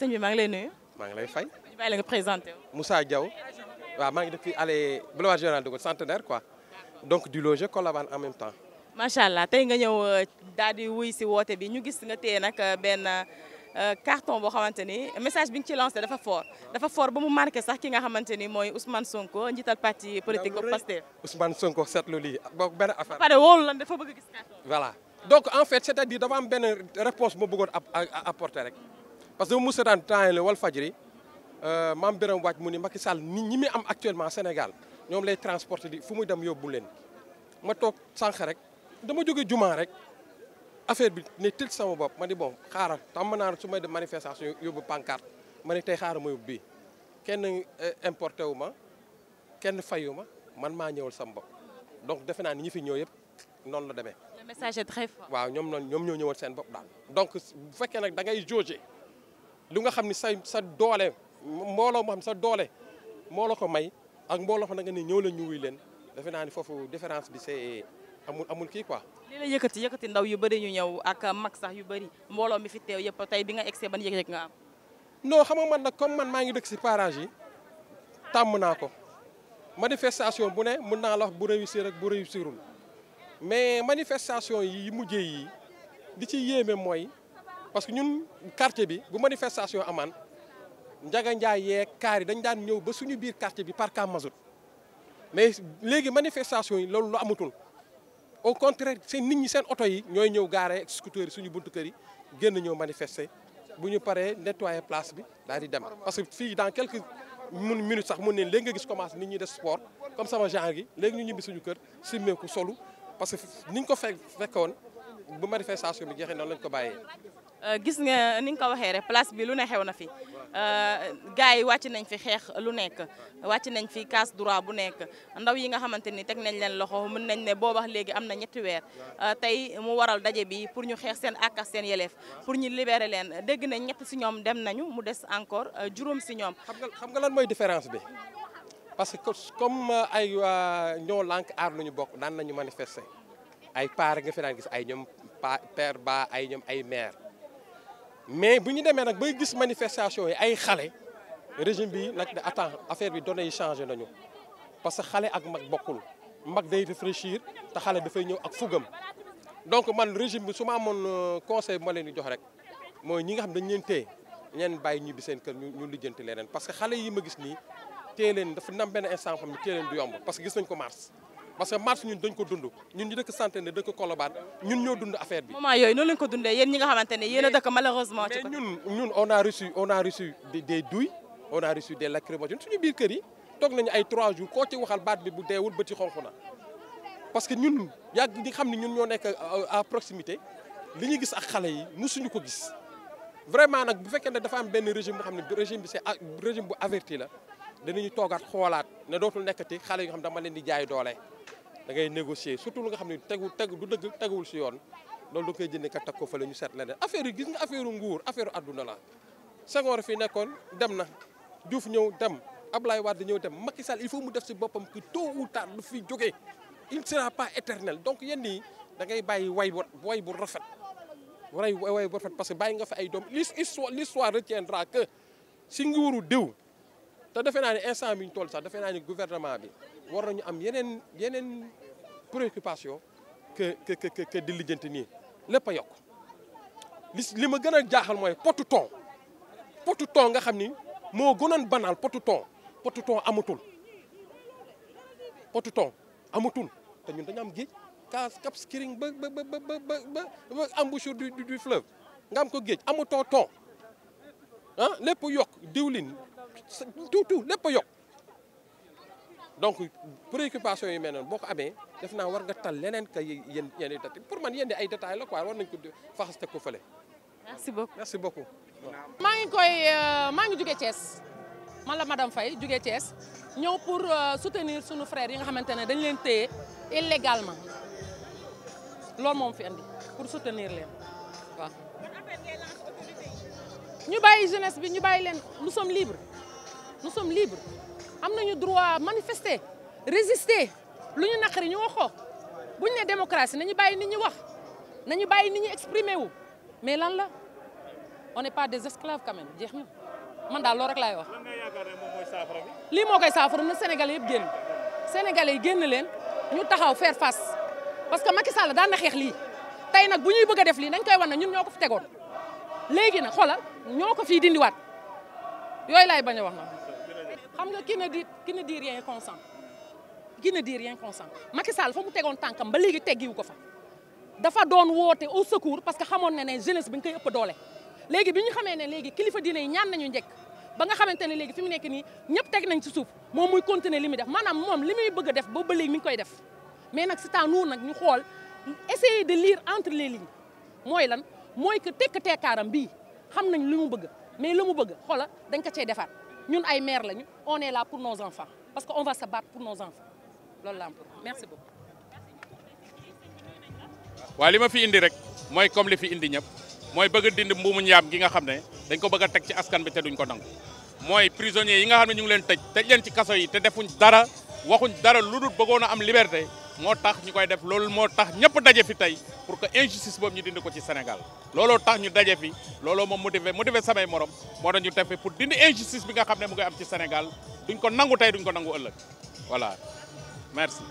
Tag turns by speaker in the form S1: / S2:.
S1: sëñ bi maa ngi lay nuyu.
S2: maa ngi lay fay. ñu bàyyi la nga présenté wu. Moussa Diaw waaw maa ngi dëkk fii allée boulevard général de Gaulle centenaire quoi donc du loger Colobane en même temps.
S1: macha allah tey nga ñëw euh, daal di wuy si woote bi ñu gis nga téye nag euh, benn euh, carton boo xamante ni message bi nga ci lancé dafa fort dafa fort ba mu marqué sax ki nga xamante ni mooy Ousmane Sonko njiital parti politique bu Pastef.
S2: Ousmane Sonko seetlu lii bokk benn affaire. ba
S1: pare wóolu lan dafa bëgg gis
S2: carton.
S1: donc en fait c'est-à-dire am benn
S2: réponse moo bëggoon apporter rek. parce que mu seetaan temps yii la Walf Fadjri euh, maam Birame Waaj mu ni Macky Sall nit ñi muy am actuellement Sénégal ñoom lay transporte di fu muy dem yóbbu leen ma toog sànq rek dama jóge jumaa rek affaire bi ne tëj sama bopp ma ni bon xaaral tàmm naa su may dem manifestation yóbbu pancarte ma ne tey xaaral ma yóbbu bii kenn euh, importé wu ma kenn fayu ma man maa ñëwal sama bopp donc defe naa ni ñi fi ñëw yëpp noonu la demee.
S1: le
S2: waaw ñoom noonu ñoom ñoo ñëwal seen bopp daal. donc fekkee nag da ngay lu nga xam ni sa sa doole mbooloo mu xam sa doole moo ko may ak mbooloo ko na nga ni ñëw la ñu wuy leen defe naa ni foofu différence bi c'est amul amul kii quoi.
S1: lii la yëkkati yëkkati ndaw yu bëri ñu ñëw ak mag sax yu bëri mbooloo mi fi teew yëpp tey bi nga egsee ban yëg-yëg nga am.
S2: xam man nag comme man maa ngi dëkk si parage yi tàmm naa ko manifestation bu ne mun naa la wax bu réussir ak bu réussirul mais manifestation yi mujjee yi di ci yéeme mooy. parce que ñun quartier bi bu manifestation amaan Njaga Njaay yeeg kaar yi dañ daan ñëw ba suñu biir quartier bi par camp mazout mais léegi manifestation yi loolu lu amatul au contraire seen nit ñi seen oto yi ñooy ñëw gaare ak scooter yi suñu buntu kër yi génn ñëw manifester bu ñu paree nettoyer place bi daal di dem parce que fii dans quelques mun minutes sax mun neen léegi nga gis commencé nit ñi def sport comme sama genre gi léegi ñu ñibbi suñu kër simmeeku solu parce que niñ ko fekk fekkoon bu manifestation bi jeexee noonu lañ ko
S1: bàyyee. Euh, gis nga ni nga ko waxee rek place bi lu ne xew na fi euh, gars yi wàcc nañ fi xeex lu nekk wàcc nañ fi casse droit bu nekk ndaw yi nga xamante ni teg nañ leen loxo mën nañ ne boo léegi am na ñetti weer euh, tey mu waral daje bi pour ñu xeex seen àq ak seen yeleef pour ñu libérer leen dégg nañ ñett si ñoom dem nañu mu des encore juróom si ñoom. xam nga
S2: xam nga lan mooy différence bi parce que comme ay ñoo lank aar lu ñu bokk daan nañu manifester ay paar nga fi gis ay ñoom. père ba ay ñoom ay maire mais bu ñu demee nag bay gis manifestation yi ay xale régime bi nag de attends affaire bi données yi changé nañu parce que xale ak mag bokkul mag day réfléchir te xale dafay ñëw ak fugam donc man régime bi su ma amoon euh, conseil bi ma leen di jox rek mooy ñi nga xam dañ leen téye ñeen bàyyi ñibbi seen kër ñu lijjanti leneen parce que xale yi ma gis nii téye leen dafa nam benn instant xam ne téye du yomb parce que gis nañ ko mars parce que marche ñun dañ ko dund ñun ñu dëkk Centenaire dëkk Colobane ñun ñoo dund affaire bi. moment yooyu
S1: noonu lañ ko dundee yéen ñi nga xamante a dëkk malheureusement.
S2: ci ñun ñun on a reçu on a reçu des douilles on a reçu des lacrymogènes suñu yi toog nañu ay 3 jours koo ci waxal baat bi bu deewul bëti xonq na parce que ñun yàgg di xam ne ñun ñoo nekk euh, à li ñu gis ak xale yi musuñu ko gis vraiment nag bu fekkee dafa am benn régime boo xam ne régime bi c'est ah, régime bu averti la danañu toogaat xoolaat ne dootul nekkati xale yi nga xam dama leen di jaay doole. da ngay négocier surtout lu nga xam ne tegu tegu du dëgg teguwul si yoon loolu da koy jënd ka teg ko fële ñu seet leneen affaire yi gis nga affaire nguur affaire àdduna la Senghor fii nekkoon dem na Diouf ñëw dem Ablaye Wade ñëw dem Macky Sall il faut mu def si boppam que tôt u tard lu fi jógee il ne pas éternel donc yenn yi da bàyyi way bu way bu rafet way way bu rafet parce que bàyyi nga fa ay doom l'histoire l'histoire retiendra que si nguuru diw te defe naa ne instant bi ñu toll sax defe naa ne gouvernement bi war nañu am yeneen yeneen préoccupation que que di lijjanti nii lépp a yokk li li ma gën a jaaxal mooy potu thon potu thon nga xam ni moo gënoon banal potu thon potu thon amatul potu thon amatul te ñun am géej cas Cap Skirring ba ba ba ba ba ba du fleuve nga am ko géej amatoo thon ah lépp yokk diwlin. tout tout lépp a yokk donc préoccupation yi mel noonu boo ko amee def naa war nga tal leneen ka yéen yéen i pour man yéen di ay détails la quoi war nañ ko faxas teg ko fële. merci beaucoup merci beaucoup.
S3: maa ngi koy euh, maa ngi jóge Thiès man la fay Faye jóge Thiès ñëw pour euh, soutenir suñu frères yi nga xamante ne dañ leen téye illégalement loolu moom fi andi pour soutenir leen waaw. ñu bàyyi jeunesse bi ñu bàyyi leen nous sommes libres. nous sommes libres am nañu droit manifester résister lu ñu naqari ñu waxoo bu ñu ne démocratie nañu bàyyi nit ñi wax nañu bàyyi nit ñi exprimer wu mais lan la on n'est pas des esclaves quand même jeex na man daal loolu rek laay wax. lii moo koy saafara na Sénégalais yëpp génn Sénégalais yi génn leen ñu taxaw faire face parce que Macky Sall daan na xeex lii tey nag bu ñuy bëgg a def lii dañ koy wan ne ñun ñoo ko fi tegoon léegi nag xoolal ñoo ko fiy dindiwaat yooyu laay bañ a wax na xam nga qui ne dit qui ne dit rien consent qui ne dit rien fa mu tegoon tànkam ba léegi teggiwu ko fa dafa doon woote au secours parce que xamoon na ne jeunesse bi ñu koy ëpp doole léegi bi ñu xamee ne léegi kilifa diine yi ñaan nañu njëkk ba nga xamante ne léegi fi mu nekk nii ñëpp teg nañ ci suuf moom muy continuer li muy def maanaam moom li muy bëgg a def ba ba léegi mi koy def mais nag si temps nag ñu xool essayer de lire entre les mooy lan mooy que tekk kaaram bii xam nañ li mu bëgg mais la mu bëgg xoola dañ ko cay defaat ñun ay mère lañu on est là pour nos enfants parce que on va se battre pour nos enfants loolu la am merci beaucoup.
S2: waaw li ma fi indi rek mooy comme li fi indi ñëpp mooy bëgg a dindi mbuumu njaam gi nga xam ne dañ ko bëgg a teg ci askan bi te duñ ko nangu mooy prisonniers yi nga xam ne ñu ngi leen tëj tëj leen ci kaso yi te defuñ dara waxuñ dara lu dul bëggoon a am liberté. moo tax ñu koy def loolu moo tax ñëpp daje fi tey pour que injustice boobu ñu dindi ko ci Sénégal looloo tax ñu daje fi looloo moom motivé motivé samay moroom moo tax ñu tefe pour dindi injustice bi nga xam ne mu ngi am ci Sénégal duñ ko nangu tey duñ ko nangu ëllëg voilà merci.